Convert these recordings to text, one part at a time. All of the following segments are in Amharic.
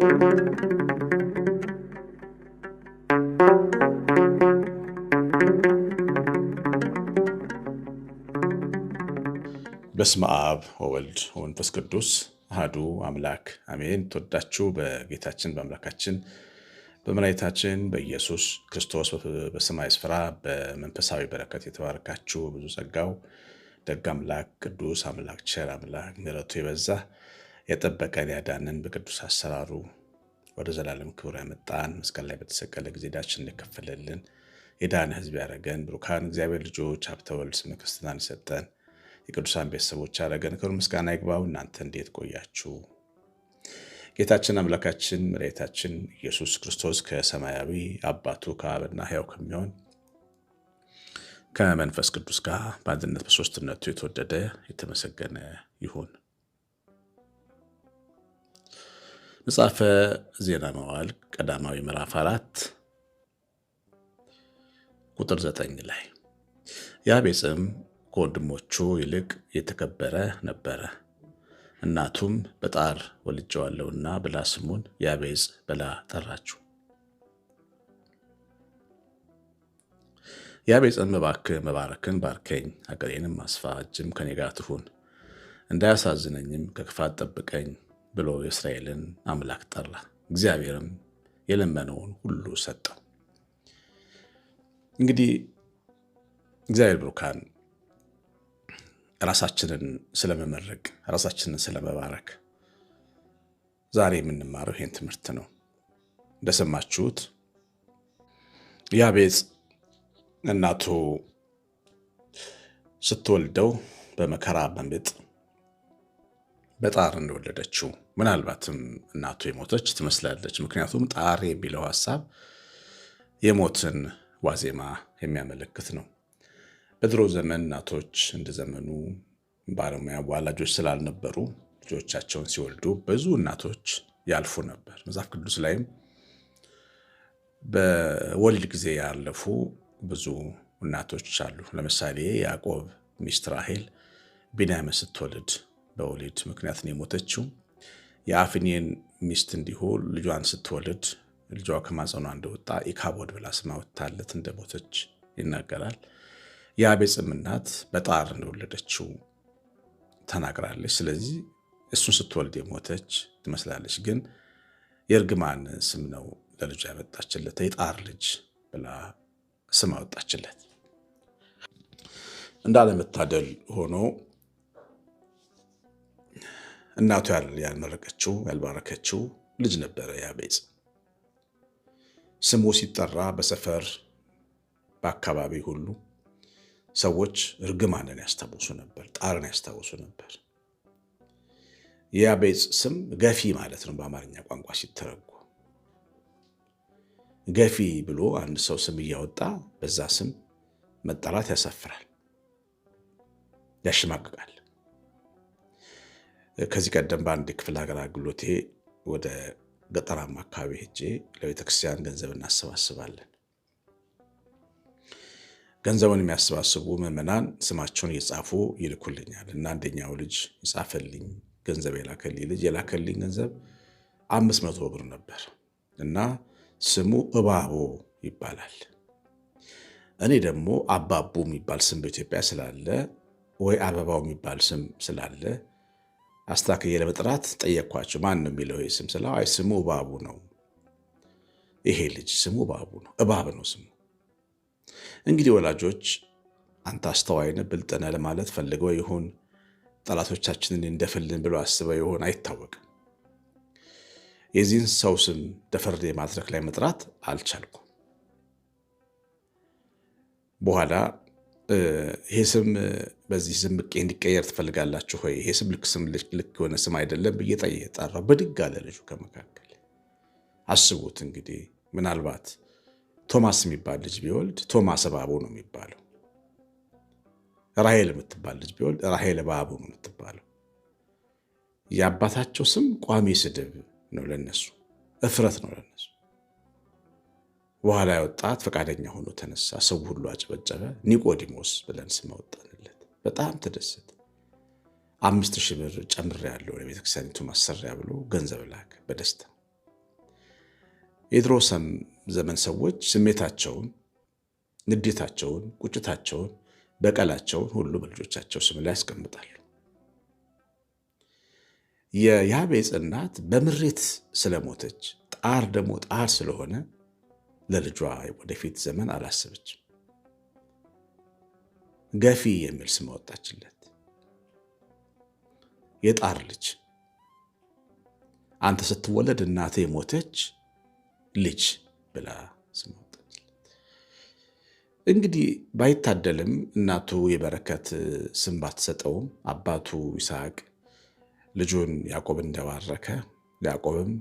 በስመ አብ ወወልድ ወመንፈስ ቅዱስ አህዱ አምላክ አሜን። ተወዳችሁ በጌታችን በአምላካችን በመድኃኒታችን በኢየሱስ ክርስቶስ በሰማይ ስፍራ በመንፈሳዊ በረከት የተባረካችሁ ብዙ ጸጋው ደግ አምላክ ቅዱስ አምላክ ቸር አምላክ ምሕረቱ የበዛ የጠበቀን ያዳንን በቅዱስ አሰራሩ ወደ ዘላለም ክብር ያመጣን መስቀል ላይ በተሰቀለ ጊዜ ዳችን የከፈለልን የዳነ ሕዝብ ያደረገን ብሩካን እግዚአብሔር ልጆች ሀብተወልድ ወልድ ስመ ክርስትናን የሰጠን የቅዱሳን ቤተሰቦች ያደረገን ክብር ምስጋና ይግባው። እናንተ እንዴት ቆያችሁ? ጌታችን አምላካችን መድኃኒታችን ኢየሱስ ክርስቶስ ከሰማያዊ አባቱ ከአብና ሕያው ከሚሆን ከመንፈስ ቅዱስ ጋር በአንድነት በሶስትነቱ የተወደደ የተመሰገነ ይሁን። መጽሐፈ ዜና መዋዕል ቀዳማዊ ምዕራፍ አራት ቁጥር ዘጠኝ ላይ ያቤጽም ከወንድሞቹ ይልቅ የተከበረ ነበረ፣ እናቱም በጣር ወልጄዋለሁና ብላ ስሙን ያቤጽ ብላ ጠራችው። ያቤጽም እባክህ መባረክን ባርከኝ፣ አገሬንም አስፋ፣ እጅም ከኔ ጋር ትሁን፣ እንዳያሳዝነኝም ከክፋት ጠብቀኝ ብሎ የእስራኤልን አምላክ ጠራ። እግዚአብሔርም የለመነውን ሁሉ ሰጠው። እንግዲህ እግዚአብሔር ብሩካን ራሳችንን ስለመመረቅ ራሳችንን ስለመባረክ ዛሬ የምንማረው ይህን ትምህርት ነው። እንደሰማችሁት ያቤጽ እናቱ ስትወልደው በመከራ በምጥ በጣር እንደወለደችው ምናልባትም እናቱ የሞተች ትመስላለች። ምክንያቱም ጣር የሚለው ሀሳብ የሞትን ዋዜማ የሚያመለክት ነው። በድሮ ዘመን እናቶች እንደ ዘመኑ ባለሙያ ወላጆች ስላልነበሩ ልጆቻቸውን ሲወልዱ ብዙ እናቶች ያልፉ ነበር። መጽሐፍ ቅዱስ ላይም በወልድ ጊዜ ያለፉ ብዙ እናቶች አሉ። ለምሳሌ ያዕቆብ ሚስት ራሔል ቢንያምን ስትወልድ በወሊድ ምክንያት ነው የሞተችው። የአፍኒን ሚስት እንዲሁ ልጇን ስትወልድ ልጇ ከማጸኗ እንደወጣ ኢካቦድ ብላ ስማ ወታለት እንደሞተች ይናገራል። የአቤጽም እናት በጣር እንደወለደችው ተናግራለች። ስለዚህ እሱን ስትወልድ የሞተች ትመስላለች፣ ግን የእርግማን ስም ነው ለልጇ ያመጣችለት። የጣር ልጅ ብላ ስም አወጣችለት። እንዳለመታደል ሆኖ እናቱ ያልመረቀችው ያልባረከችው ልጅ ነበረ ያቤጽ። ስሙ ሲጠራ በሰፈር በአካባቢ ሁሉ ሰዎች እርግማንን ያስታውሱ ነበር፣ ጣርን ያስታውሱ ነበር። የያቤጽ ስም ገፊ ማለት ነው በአማርኛ ቋንቋ ሲተረጎ ገፊ ብሎ አንድ ሰው ስም እያወጣ በዛ ስም መጠራት ያሳፍራል፣ ያሸማቅቃል። ከዚህ ቀደም በአንድ ክፍል ሀገር አገልግሎቴ ወደ ገጠራማ አካባቢ ሄጄ ለቤተክርስቲያን ገንዘብ እናሰባስባለን። ገንዘቡን የሚያሰባስቡ ምዕመናን ስማቸውን እየጻፉ ይልኩልኛል እና አንደኛው ልጅ የጻፈልኝ ገንዘብ የላከልኝ ልጅ የላከልኝ ገንዘብ አምስት መቶ ብር ነበር እና ስሙ እባቦ ይባላል። እኔ ደግሞ አባቡ የሚባል ስም በኢትዮጵያ ስላለ ወይ አበባው የሚባል ስም ስላለ አስታክዬ ለመጥራት ጠየቅኳቸው። ማን ነው የሚለው ስም ስለው፣ አይ ስሙ እባቡ ነው። ይሄ ልጅ ስሙ እባቡ ነው፣ እባብ ነው ስሙ። እንግዲህ ወላጆች አንተ አስተዋይነ ብልጥነ ለማለት ፈልገው ይሁን ጠላቶቻችንን እንደፍልን ብሎ አስበው ይሆን አይታወቅም። የዚህን ሰው ስም ደፈርዴ ማድረክ ላይ መጥራት አልቻልኩም። በኋላ ይሄ ስም በዚህ ስም እንዲቀየር ትፈልጋላችሁ ወይ? ይሄ ስም ልክ ስም ልክ የሆነ ስም አይደለም ብዬ ጠራው። ብድግ አለ ልጁ ከመካከል። አስቡት እንግዲህ ምናልባት ቶማስ የሚባል ልጅ ቢወልድ ቶማስ እባቡ ነው የሚባለው። ራሄል የምትባል ልጅ ቢወልድ ራሄል እባቡ ነው የምትባለው። የአባታቸው ስም ቋሚ ስድብ ነው ለነሱ፣ እፍረት ነው ለነሱ። በኋላ ላይ ወጣት ፈቃደኛ ሆኖ ተነሳ። ሰው ሁሉ አጨበጨበ። ኒቆዲሞስ ብለን ስም አወጣንለት። በጣም ተደሰተ። አምስት ሺህ ብር ያለው ለቤተክርስቲያኒቱ ማሰሪያ ብሎ ገንዘብ ላክ በደስታ። የድሮ ዘመን ሰዎች ስሜታቸውን፣ ንዴታቸውን፣ ቁጭታቸውን፣ በቀላቸውን ሁሉ በልጆቻቸው ስም ላይ ያስቀምጣሉ። የያቤጽ እናት በምሬት ስለሞተች ጣር ደግሞ ጣር ስለሆነ ለልጇ ወደፊት ዘመን አላሰበች። ገፊ የሚል ስም አወጣችለት። የጣር ልጅ አንተ ስትወለድ እናቴ ሞተች ልጅ ብላ ስም አወጣችለት። እንግዲህ ባይታደልም እናቱ የበረከት ስም ባትሰጠውም አባቱ ይስሐቅ ልጁን ያዕቆብ እንደባረከ ያዕቆብም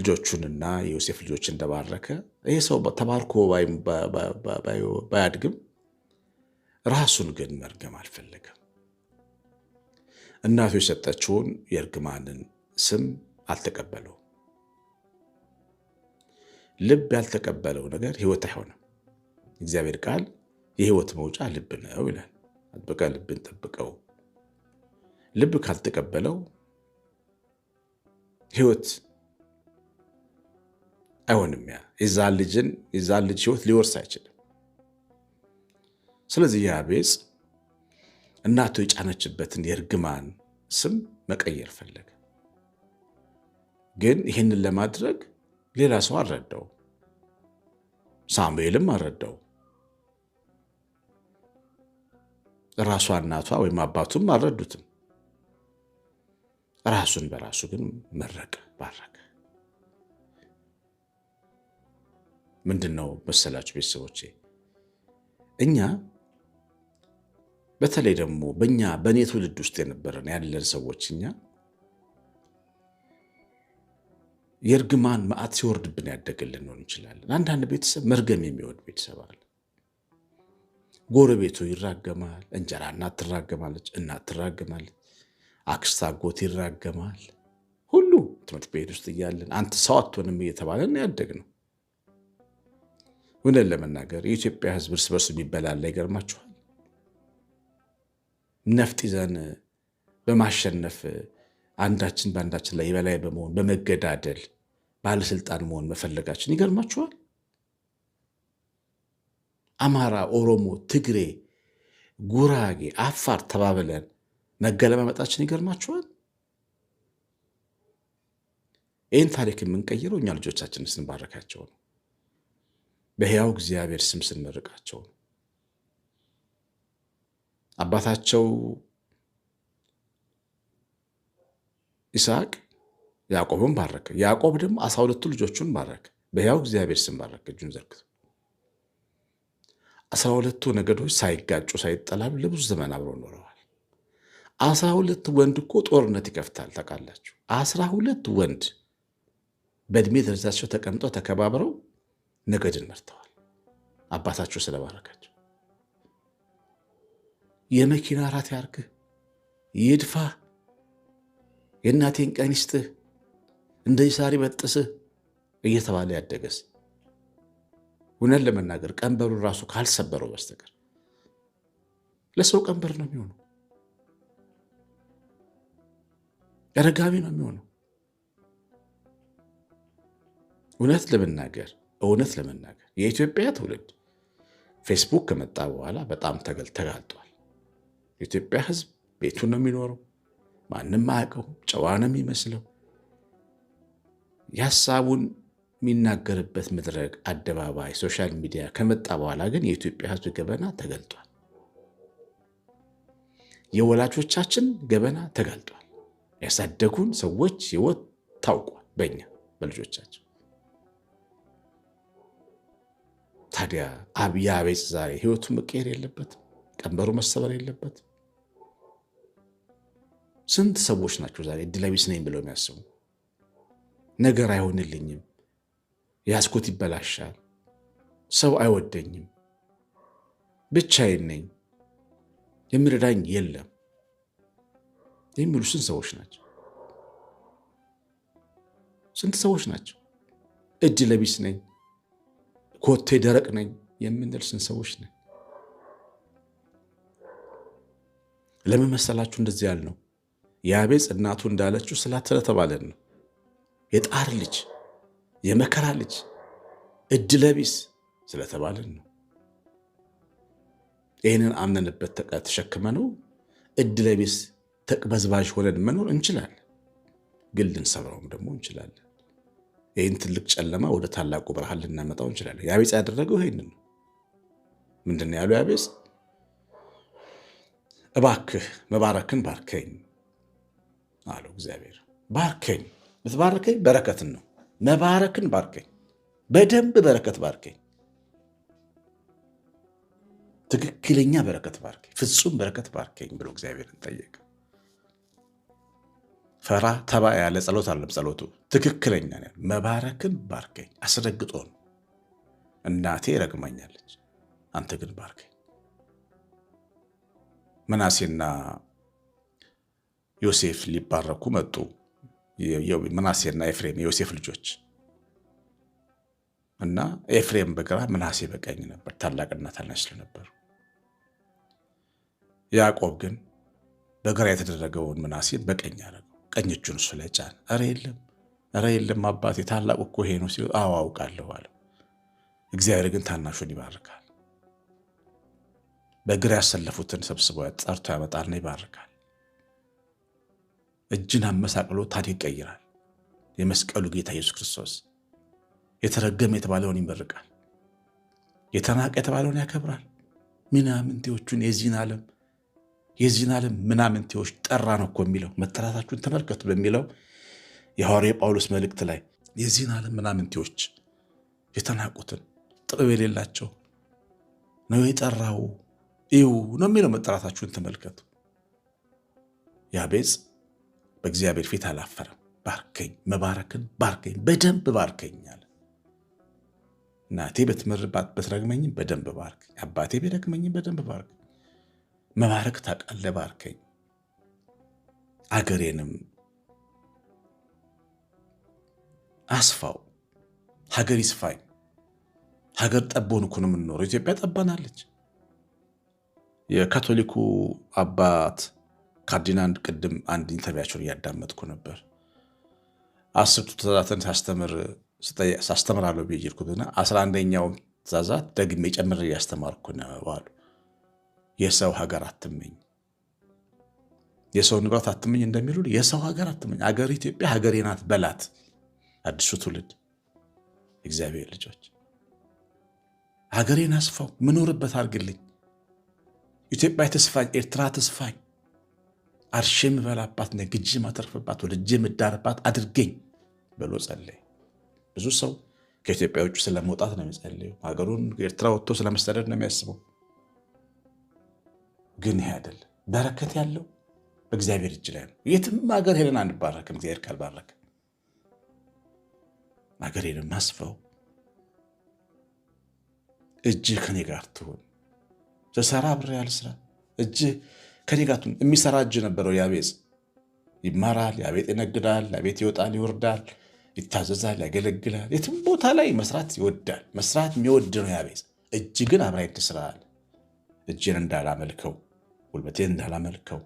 ልጆቹንና የዮሴፍ ልጆች እንደባረከ ይሄ ሰው ተባርኮ ባያድግም ራሱን ግን መርገም አልፈለገም። እናቱ የሰጠችውን የእርግማንን ስም አልተቀበለውም። ልብ ያልተቀበለው ነገር ህይወት አይሆንም። እግዚአብሔር ቃል የህይወት መውጫ ልብ ነው ይላል። አጥብቀ ልብን ጠብቀው። ልብ ካልተቀበለው ህይወት አይሆንም። ያ የዛን ልጅን የዛን ልጅ ህይወት ሊወርስ አይችልም። ስለዚህ ያቤጽ እናቱ የጫነችበትን የእርግማን ስም መቀየር ፈለገ። ግን ይህንን ለማድረግ ሌላ ሰው አልረዳው፣ ሳሙኤልም አልረዳው፣ ራሷ እናቷ ወይም አባቱም አልረዱትም። ራሱን በራሱ ግን መረቀ፣ ባረከ። ምንድን ነው መሰላችሁ ቤተሰቦቼ እኛ በተለይ ደግሞ በእኛ በእኔ ትውልድ ውስጥ የነበረን ያለን ሰዎች እኛ የእርግማን መዓት ሲወርድብን ያደግልን ሆን እንችላለን። አንዳንድ ቤተሰብ መርገም የሚወድ ቤተሰብ አለ። ጎረቤቱ ይራገማል፣ እንጀራ እናት ትራገማለች፣ እናት ትራገማለች፣ አክስት አጎት ይራገማል። ሁሉ ትምህርት ቤት ውስጥ እያለን አንተ ሰው አትሆንም እየተባለን ያደግ ነው። እውነት ለመናገር የኢትዮጵያ ህዝብ እርስ በርስ የሚበላላ ይገርማችኋል። ነፍጥ ይዘን በማሸነፍ አንዳችን በአንዳችን ላይ የበላይ በመሆን በመገዳደል ባለስልጣን መሆን መፈለጋችን ይገርማችኋል። አማራ፣ ኦሮሞ፣ ትግሬ፣ ጉራጌ፣ አፋር ተባብለን መገለማመጣችን ይገርማችኋል። ይህን ታሪክ የምንቀይረው እኛ ልጆቻችን ስንባረካቸው ነው። በሕያው እግዚአብሔር ስም ስንርቃቸው ነው። አባታቸው ይስሐቅ ያዕቆብን ባረከ። ያዕቆብ ደግሞ አስራ ሁለቱ ልጆቹን ባረከ። በሕያው እግዚአብሔር ስም ባረከ። እጁን ዘርግቶ አስራ ሁለቱ ነገዶች ሳይጋጩ ሳይጠላሉ ለብዙ ዘመን አብረው ኖረዋል። አስራ ሁለት ወንድ እኮ ጦርነት ይከፍታል ታውቃላችሁ። አስራ ሁለት ወንድ በእድሜ ደረጃቸው ተቀምጠው ተከባብረው ነገድን መርተዋል። አባታቸው ስለባረካቸው የመኪና አራት ያርግህ ይድፋ የእናቴን ቀን ይስጥህ እንደ ሳሪ በጥስህ እየተባለ ያደገስ እውነት ለመናገር ቀንበሩን ራሱ ካልሰበረው በስተቀር ለሰው ቀንበር ነው የሚሆነው፣ ረጋቢ ነው የሚሆነው። እውነት ለመናገር እውነት ለመናገር የኢትዮጵያ ትውልድ ፌስቡክ ከመጣ በኋላ በጣም ተጋልጧል። የኢትዮጵያ ህዝብ ቤቱን ነው የሚኖረው። ማንም አያውቀውም። ጨዋ ነው የሚመስለው። የሀሳቡን የሚናገርበት መድረክ፣ አደባባይ፣ ሶሻል ሚዲያ ከመጣ በኋላ ግን የኢትዮጵያ ህዝብ ገበና ተገልጧል። የወላጆቻችን ገበና ተጋልጧል። ያሳደጉን ሰዎች ህይወት ታውቋል በእኛ በልጆቻቸው ታዲያ አብያ ቤጽ ዛሬ ህይወቱ መቀየር የለበትም? ቀንበሩ መሰበር የለበትም? ስንት ሰዎች ናቸው ዛሬ እድለቢስ ነኝ ብለው የሚያስቡ ነገር አይሆንልኝም፣ ያስኩት ይበላሻል፣ ሰው አይወደኝም፣ ብቻዬን ነኝ፣ የሚረዳኝ የለም የሚሉ ስንት ሰዎች ናቸው? ስንት ሰዎች ናቸው እድለቢስ ነኝ ኮቴ ደረቅ ነኝ የምንል ስን ሰዎች ነን። ለምን መሰላችሁ እንደዚህ ያልነው? የአቤጽ እናቱ እንዳለችው ስላልተባለን ነው። የጣር ልጅ፣ የመከራ ልጅ፣ እድለቢስ ስለተባለን ነው። ይህንን አምነንበት ተሸክመነው እድለቢስ ተቅበዝባዥ ሆነን መኖር እንችላለን። ግን ልንሰብረውም ደግሞ እንችላለን። ይህን ትልቅ ጨለማ ወደ ታላቁ ብርሃን ልናመጣው እንችላለን። ያቤጽ ያደረገው ይህን ነው። ምንድን ያሉ ያቤጽ? እባክህ መባረክን ባርከኝ አለው እግዚአብሔር። ባርከኝ ምትባርከኝ በረከትን ነው። መባረክን ባርከኝ፣ በደንብ በረከት ባርከኝ፣ ትክክለኛ በረከት ባርከኝ፣ ፍጹም በረከት ባርከኝ ብሎ እግዚአብሔርን ጠየቀ። ፈራ ተባ ያለ ጸሎት አለም። ጸሎቱ ትክክለኛ መባረክን ባርከኝ አስደግጦ ነው። እናቴ ረግማኛለች፣ አንተ ግን ባርከኝ። ምናሴና ዮሴፍ ሊባረኩ መጡ። ምናሴና ኤፍሬም የዮሴፍ ልጆች እና ኤፍሬም በግራ ምናሴ በቀኝ ነበር፣ ታላቅና ታናሽ ስለነበሩ። ያዕቆብ ግን በግራ የተደረገውን መናሴ በቀኝ አደረገ። ቀኝ እጁን እሱ ላይ ጫን። ኧረ የለም ኧረ የለም አባቴ ታላቁ እኮ ይሄ ነው ሲሉ፣ አዎ አውቃለሁ አለው። እግዚአብሔር ግን ታናሹን ይባርካል። በእግር ያሰለፉትን ሰብስቦ ጠርቶ ያመጣልና ይባርካል። እጅን አመሳቅሎ ታሪክ ይቀይራል። የመስቀሉ ጌታ ኢየሱስ ክርስቶስ የተረገመ የተባለውን ይመርቃል። የተናቀ የተባለውን ያከብራል። ምናምንቴዎቹን የዚህን ዓለም የዚህን ዓለም ምናምንቴዎች ጠራ ነው እኮ የሚለው መጠራታችሁን ተመልከቱ በሚለው የሐዋርያ ጳውሎስ መልእክት ላይ የዚህን ዓለም ምናምንቴዎች የተናቁትን ጥበብ የሌላቸው ነው የጠራው ይው ነው የሚለው መጠራታችሁን ተመልከቱ። ያቤጽ በእግዚአብሔር ፊት አላፈረም። ባርከኝ፣ መባረክን ባርከኝ፣ በደንብ ባርከኛል። እናቴ በትመርባት በትረግመኝም በደንብ ባርክ፣ አባቴ ቢረግመኝም በደንብ ባርክ መባረክ ታውቃለህ፣ ባርከኝ አገሬንም አስፋው። ሀገር ይስፋኝ። ሀገር ጠቦን እኮ ነው የምንኖረው። ኢትዮጵያ ጠባናለች። የካቶሊኩ አባት ካርዲናል ቅድም አንድ ኢንተርቪያቸውን እያዳመጥኩ ነበር። አስርቱ ትእዛዛትን ሳስተምራለሁ ብዬ ሄድኩትና አስራ አንደኛው ትእዛዛት ደግሜ ጨምር እያስተማርኩ ነው አሉ። የሰው ሀገር አትመኝ፣ የሰው ንብረት አትመኝ እንደሚሉ የሰው ሀገር አትመኝ፣ ሀገር ኢትዮጵያ ሀገሬ ናት በላት። አዲሱ ትውልድ እግዚአብሔር ልጆች ሀገሬን አስፋው ምኖርበት አድርግልኝ፣ ኢትዮጵያ ተስፋኝ፣ ኤርትራ ተስፋኝ፣ አርሼ የምበላባት ነግጄ ማተርፍባት ወልጄ የምዳርባት አድርገኝ ብሎ ጸለይ። ብዙ ሰው ከኢትዮጵያ ውጭ ስለመውጣት ነው የሚጸለዩ። ሀገሩን ኤርትራ ወጥቶ ስለመሰደድ ነው የሚያስበው። ግን ይሄ አይደል በረከት ያለው በእግዚአብሔር እጅ ላይ ነው። የትም ሀገር ሄደን አንባረክም እግዚአብሔር ሀገር ሀገሬንም አስፈው እጅህ ከኔ ጋር ተሰራ ብር ያል ስራ እጅህ ከኔ ጋር ትሆን የሚሰራ እጅ ነበረው። ያቤጽ ይማራል፣ ያቤጥ ይነግዳል፣ ያቤት ይወጣል፣ ይወርዳል፣ ይታዘዛል፣ ያገለግላል። የትም ቦታ ላይ መስራት ይወዳል። መስራት የሚወድ ነው ያቤጽ። እጅ ግን አብራይ ትስራል፣ እጅን እንዳላመልከው ጉልበቴን እንዳላመልከው፣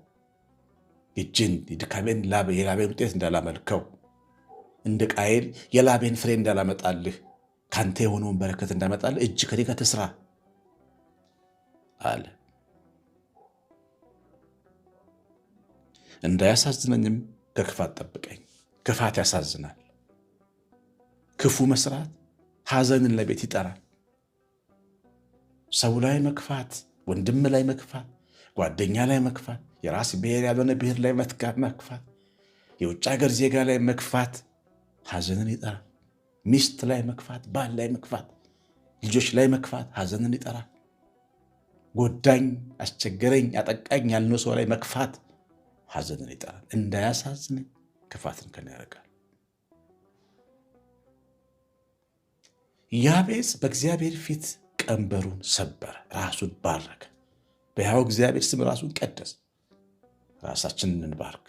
እጅን የድካሜን የላቤን ውጤት እንዳላመልከው፣ እንደ ቃየል የላቤን ፍሬ እንዳላመጣልህ፣ ካንተ የሆነውን በረከት እንዳመጣልህ እጅ ከኔ ጋር ትስራ አለ። እንዳያሳዝነኝም ከክፋት ጠብቀኝ። ክፋት ያሳዝናል። ክፉ መስራት ሀዘንን ለቤት ይጠራል። ሰው ላይ መክፋት፣ ወንድም ላይ መክፋት፣ ጓደኛ ላይ መክፋት፣ የራስ ብሔር ያልሆነ ብሔር ላይ መክፋት፣ የውጭ ሀገር ዜጋ ላይ መክፋት ሀዘንን ይጠራል። ሚስት ላይ መክፋት፣ ባል ላይ መክፋት፣ ልጆች ላይ መክፋት ሀዘንን ይጠራል። ጎዳኝ፣ አስቸገረኝ፣ አጠቃኝ ያልነው ሰው ላይ መክፋት ሀዘንን ይጠራል። እንዳያሳዝነኝ ክፋትን ከን ያደርጋል። ያቤጽ በእግዚአብሔር ፊት ቀንበሩን ሰበረ፣ ራሱን ባረከ። በሕያው እግዚአብሔር ስም ራሱን ቀደስ። ራሳችንን እንባርክ።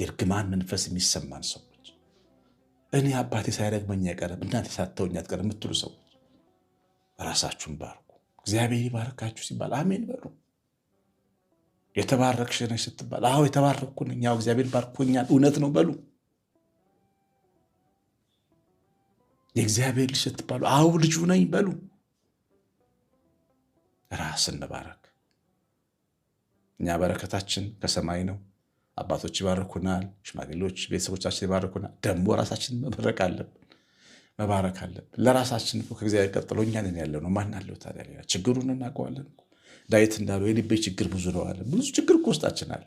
የእርግማን መንፈስ የሚሰማን ሰዎች እኔ አባቴ ሳይረግመኝ አይቀርም እናንተ ሳትተወኝ አትቀርም የምትሉ ሰዎች ራሳችሁን ባርኩ። እግዚአብሔር ይባርካችሁ ሲባል አሜን በሉ። የተባረክሽ ነሽ ስትባል አዎ የተባረኩ ነኝ፣ ያው እግዚአብሔር ባርኮኛል፣ እውነት ነው በሉ። የእግዚአብሔር ልጅ ስትባሉ አዎ ልጁ ነኝ በሉ። ራስ እንባረክ። እኛ በረከታችን ከሰማይ ነው። አባቶች ይባርኩናል፣ ሽማግሌዎች ቤተሰቦቻችን ይባርኩናል። ደግሞ ራሳችን መባረክ አለብን መባረክ አለብን። ለራሳችን ከእግዚአብሔር ቀጥሎ እኛ ያለው ነው። ማን አለው ታዲያ ሌላ? ችግሩን እናውቀዋለን። ዳዊት እንዳለው የልቤ ችግር ብዙ ነው አለ። ብዙ ችግር እኮ ውስጣችን አለ።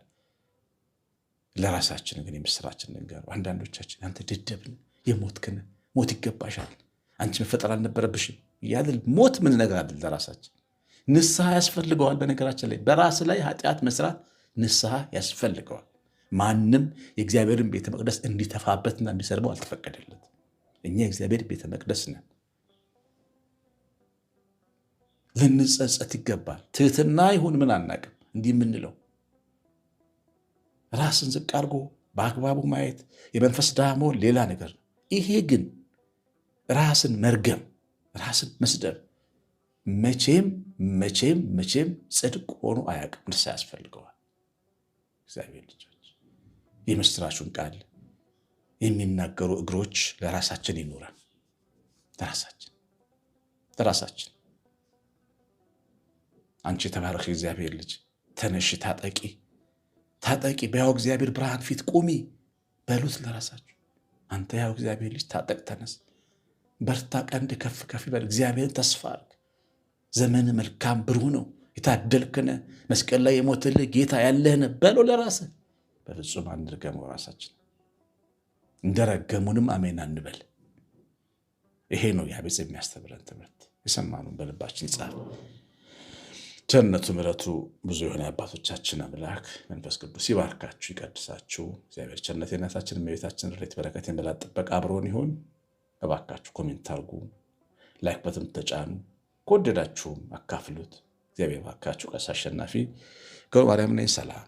ለራሳችን ግን የምስራችን ንገረው። አንዳንዶቻችን አንተ ደደብን የሞትክን ሞት ይገባሻል፣ አንቺ መፈጠር አልነበረብሽም እያልን ሞት ምን ነገር አለ ለራሳችን ንስሐ ያስፈልገዋል። በነገራችን ላይ በራስ ላይ ኃጢአት መስራት ንስሐ ያስፈልገዋል። ማንም የእግዚአብሔርን ቤተ መቅደስ እንዲተፋበትና እንዲሰርበው አልተፈቀደለት። እኛ የእግዚአብሔር ቤተ መቅደስ ነን። ልንጸጸት ይገባል። ትህትና ይሁን ምን አናቅም። እንዲህ የምንለው ራስን ዝቅ አድርጎ በአግባቡ ማየት የመንፈስ ድሃ መሆን ሌላ ነገር ነው። ይሄ ግን ራስን መርገም፣ ራስን መስደብ መቼም መቼም መቼም ጽድቅ ሆኖ አያውቅም። ንስሐ ያስፈልገዋል። እግዚአብሔር ልጆች የምስራቹን ቃል የሚናገሩ እግሮች ለራሳችን ይኖራል። ለራሳችን ለራሳችን አንቺ የተባረክ እግዚአብሔር ልጅ ተነሽ፣ ታጠቂ ታጠቂ፣ በያው እግዚአብሔር ብርሃን ፊት ቁሚ በሉት ለራሳችሁ። አንተ ያው እግዚአብሔር ልጅ ታጠቅ፣ ተነስ፣ በርታ፣ ቀንድ ከፍ ከፍ በል። እግዚአብሔርን ተስፋ አድርግ። ዘመን መልካም ብሩህ ነው። የታደልክነ መስቀል ላይ የሞተልህ ጌታ ያለህነ በለው ለራስ በፍጹም አንርገመው ራሳችን እንደረገሙንም አሜን አንበል። ይሄ ነው ያቤጽ የሚያስተምረን ትምህርት። የሰማነውን በልባችን ይጻፍ። ቸርነቱ ምሕረቱ ብዙ የሆነ አባቶቻችን አምላክ መንፈስ ቅዱስ ይባርካችሁ ይቀድሳችሁ። እግዚአብሔር ቸርነት የእናታችን የቤታችን ሬት በረከት የመላ ጥበቃ አብሮን ይሆን። እባካችሁ ኮሜንት አርጉ፣ ላይክ በትም ተጫኑ። ከወደዳችሁም አካፍሉት። እግዚአብሔር ባካችሁ። ቀሲስ አሸናፊ ገብረ ማርያም ነኝ። ሰላም